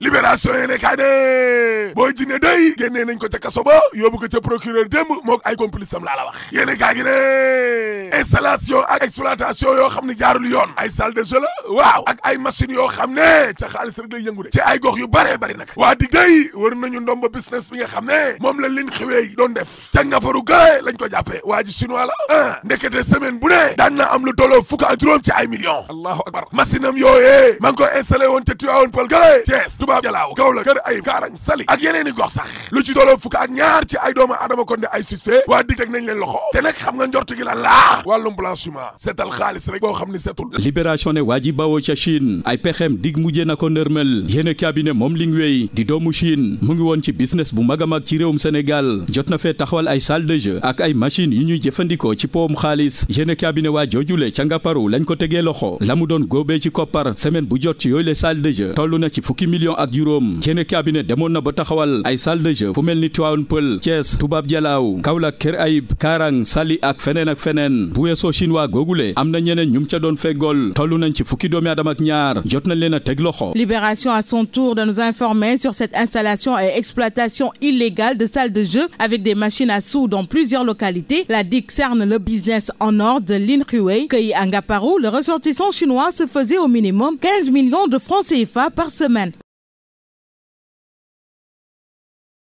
libération yéene kaay ne booy jinne day génnee nañ ko ca kaso ba yóbbu ko ca procureur démb moo ay complice am laa la wax yéene kaay gi ne installation ak exploitation yoo xam ne jaarul yoon ay salle de jeu waaw ak ay machines yoo xam ne ca xaalis rek lay yëngu de ci ay gox yu bare bari nag waa dig day war nañu ndomba business bi nga xam ne moom la lin xiwee doon def ca ngafaru gare lañ ko jàppee waa ji chinois la ah ndekete semaine bu ne daan na am lu tolloo fukk ak juróom ci ay millions allahu akbar machine am yooyee maa ngi ko installé woon ca Tivaouane Peulh gare Thiès Touba Jalaaw Kaolack Kër Ayib Kaarang Sali ak yeneen i gox sax lu ci tolloo fukk ak ñaar ci ay doomu adama kon de ay suspect waa dig teg nañ leen loxo te nag xam nga njortu gi la laa wàllum blanchiment seetal xaalis rek boo xam ne setul libération ne waa ji bawoo ca Chine ay pexem dig mujje na ko ndërmel yéene cabinet bu mag a mag ci réewum Sénégal jot na fee taxawal ay salle de ay machines yi ñuy jëfandikoo ci powum xaalis yéene cabinet waa joojule ca ngapparu lañ ko tegee loxo la mu doon góobee ci koppar semaine bu jot ci yooyu le salle de na ci fukki millions ak juróom yéene cabinet demoon na ba taxawal ay salle de jeu fu mel ni Tivaouane Peulh tubaab Toubab Dialaw Kaolack Kër ay Karang sali ak feneen ak feneen bu weesoo chinois googule am na ñeneen ñu ca doon feggool toll nañ ci fukki libération à son tour de nous informer sur cette installation et exploitation illégale de salles de jeu avec des machines à sous dans plusieurs localités la DIC cerne le business en or de Lin cueilli le ressortissant chinois se faisait au minimum 15 millions de francs CFA par semaine